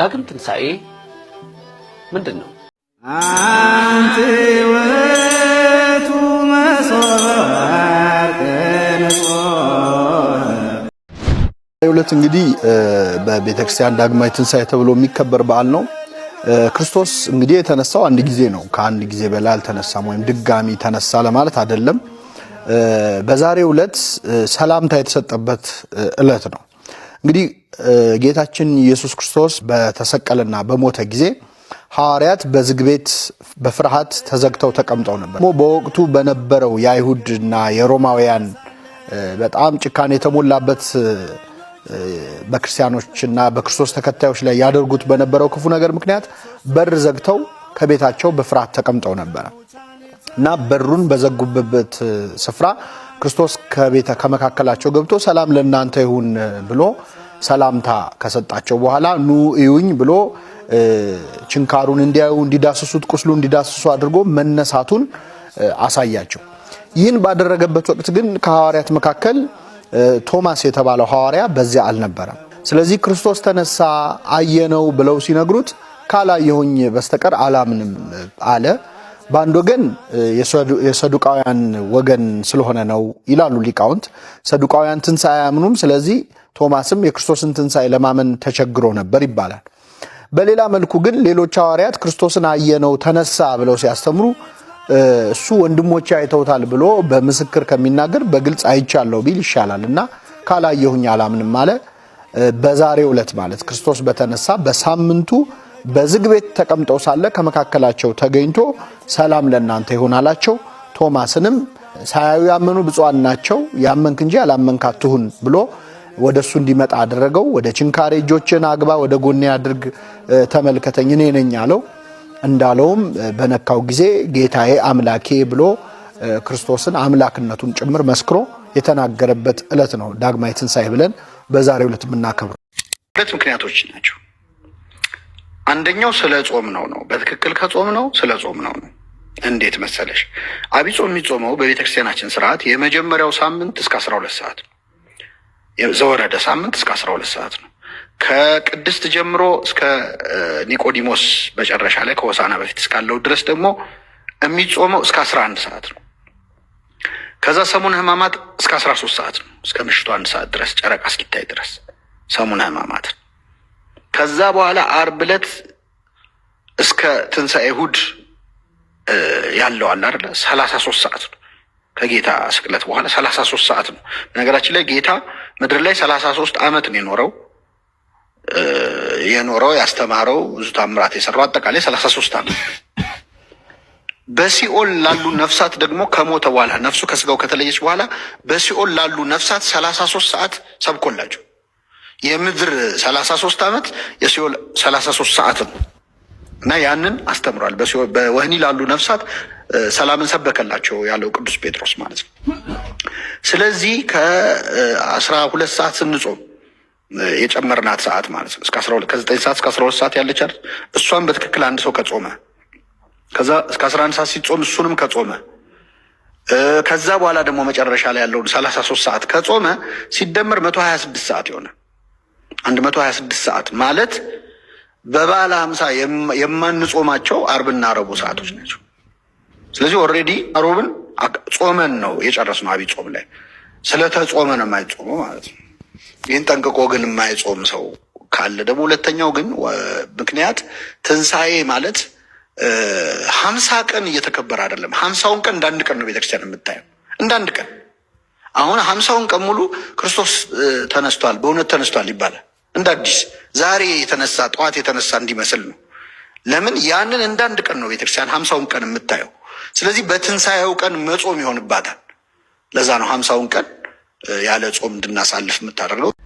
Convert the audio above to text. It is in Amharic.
ዳግም ትንሣኤ ምንድን ነው? አንቲ ውእቱ መሶበ ዕለት እንግዲህ በቤተክርስቲያን ዳግማዊ ትንሣኤ ተብሎ የሚከበር በዓል ነው። ክርስቶስ እንግዲህ የተነሳው አንድ ጊዜ ነው። ከአንድ ጊዜ በላይ አልተነሳም፣ ወይም ድጋሚ ተነሳ ለማለት አይደለም። በዛሬው ዕለት ሰላምታ የተሰጠበት ዕለት ነው። እንግዲህ ጌታችን ኢየሱስ ክርስቶስ በተሰቀለና በሞተ ጊዜ ሐዋርያት በዝግ ቤት በፍርሃት ተዘግተው ተቀምጠው ነበር። በወቅቱ በነበረው የአይሁድና የሮማውያን በጣም ጭካኔ የተሞላበት በክርስቲያኖችና በክርስቶስ ተከታዮች ላይ ያደርጉት በነበረው ክፉ ነገር ምክንያት በር ዘግተው ከቤታቸው በፍርሃት ተቀምጠው ነበረ እና በሩን በዘጉበት ስፍራ ክርስቶስ ከቤተ ከመካከላቸው ገብቶ ሰላም ለእናንተ ይሁን ብሎ ሰላምታ ከሰጣቸው በኋላ ኑ እዩኝ ብሎ ችንካሩን እንዲያዩ እንዲዳስሱት፣ ቁስሉ እንዲዳስሱ አድርጎ መነሳቱን አሳያቸው። ይህን ባደረገበት ወቅት ግን ከሐዋርያት መካከል ቶማስ የተባለው ሐዋርያ በዚያ አልነበረም። ስለዚህ ክርስቶስ ተነሳ አየነው ብለው ሲነግሩት ካላየሁኝ በስተቀር አላምንም አለ። በአንድ ወገን የሰዱቃውያን ወገን ስለሆነ ነው ይላሉ ሊቃውንት። ሰዱቃውያን ትንሣኤ አያምኑም። ስለዚህ ቶማስም የክርስቶስን ትንሣኤ ለማመን ተቸግሮ ነበር ይባላል። በሌላ መልኩ ግን ሌሎች ሐዋርያት ክርስቶስን አየነው ተነሳ ብለው ሲያስተምሩ እሱ ወንድሞቼ አይተውታል ብሎ በምስክር ከሚናገር በግልጽ አይቻለሁ ቢል ይሻላል እና ካላየሁኝ አላምንም አለ። በዛሬው ዕለት ማለት ክርስቶስ በተነሳ በሳምንቱ በዝግ ቤት ተቀምጠው ሳለ ከመካከላቸው ተገኝቶ ሰላም ለእናንተ ይሁን አላቸው። ቶማስንም ሳያዩ ያመኑ ብፁዓን ናቸው፣ ያመንክ እንጂ ያላመንክ አትሁን ብሎ ወደ እሱ እንዲመጣ አደረገው። ወደ ችንካሬ እጆችን አግባ፣ ወደ ጎኔ አድርግ፣ ተመልከተኝ፣ እኔ ነኝ አለው። እንዳለውም በነካው ጊዜ ጌታዬ አምላኬ ብሎ ክርስቶስን አምላክነቱን ጭምር መስክሮ የተናገረበት ዕለት ነው። ዳግማይ ትንሣኤ ብለን በዛሬው ዕለት የምናከብረው ሁለት ምክንያቶች ናቸው። አንደኛው ስለ ጾም ነው ነው በትክክል ከጾም ነው ስለ ጾም ነው ነው። እንዴት መሰለሽ አብይ ጾም የሚጾመው በቤተክርስቲያናችን ስርዓት የመጀመሪያው ሳምንት እስከ አስራ ሁለት ሰዓት ነው። ዘወረደ ሳምንት እስከ አስራ ሁለት ሰዓት ነው። ከቅድስት ጀምሮ እስከ ኒቆዲሞስ መጨረሻ ላይ ከሆሳና በፊት እስካለው ድረስ ደግሞ የሚጾመው እስከ አስራ አንድ ሰዓት ነው። ከዛ ሰሙነ ህማማት እስከ አስራ ሶስት ሰዓት ነው። እስከ ምሽቱ አንድ ሰዓት ድረስ ጨረቃ እስኪታይ ድረስ ሰሙነ ሕማማትን ከዛ በኋላ አርብ ዕለት እስከ ትንሣኤ እሑድ ያለው አለ አይደለ? ሰላሳ ሶስት ሰዓት ነው። ከጌታ ስቅለት በኋላ ሰላሳ ሶስት ሰዓት ነው። በነገራችን ላይ ጌታ ምድር ላይ ሰላሳ ሶስት ዓመት ነው የኖረው የኖረው ያስተማረው ብዙ ታምራት የሰራው አጠቃላይ ሰላሳ ሶስት ዓመት በሲኦል ላሉ ነፍሳት ደግሞ ከሞተ በኋላ ነፍሱ ከስጋው ከተለየች በኋላ በሲኦል ላሉ ነፍሳት ሰላሳ ሶስት ሰዓት ሰብኮላቸው የምድር 33 ዓመት የሲኦል 33 ሰዓት ነው እና ያንን አስተምሯል። በወህኒ ላሉ ነፍሳት ሰላምን ሰበከላቸው ያለው ቅዱስ ጴጥሮስ ማለት ነው። ስለዚህ ከአስራ ሁለት ሰዓት ስንጾም የጨመርናት ሰዓት ማለት ነው። ከዘጠኝ ሰዓት እስከ አስራ ሁለት ሰዓት ያለች አይደል? እሷን በትክክል አንድ ሰው ከጾመ ከዛ እስከ አስራ አንድ ሰዓት ሲጾም እሱንም ከጾመ ከዛ በኋላ ደግሞ መጨረሻ ላይ ያለውን ሰላሳ ሶስት ሰዓት ከጾመ ሲደመር መቶ ሀያ ስድስት ሰዓት ይሆናል። አንድ መቶ ሀያ ስድስት ሰዓት ማለት በበዓለ ሀምሳ የማንጾማቸው አርብና ረቡዕ ሰዓቶች ናቸው። ስለዚህ ኦልሬዲ ሮብን ጾመን ነው የጨረስነው። አብይ ጾም ላይ ስለተጾመ ነው የማይጾመው ማለት ነው። ይህን ጠንቅቆ ግን የማይጾም ሰው ካለ ደግሞ ሁለተኛው ግን ምክንያት ትንሣኤ ማለት ሀምሳ ቀን እየተከበረ አይደለም። ሀምሳውን ቀን አንድ ቀን ነው ቤተክርስቲያን የምታየው አንድ ቀን አሁን ሀምሳውን ቀን ሙሉ ክርስቶስ ተነስቷል፣ በእውነት ተነስቷል ይባላል። እንደ አዲስ ዛሬ የተነሳ ጠዋት የተነሳ እንዲመስል ነው። ለምን ያንን አንድ ቀን ነው ቤተክርስቲያን ሀምሳውን ቀን የምታየው። ስለዚህ በትንሣኤው ቀን መጾም ይሆንባታል። ለዛ ነው ሀምሳውን ቀን ያለ ጾም እንድናሳልፍ የምታደርገው።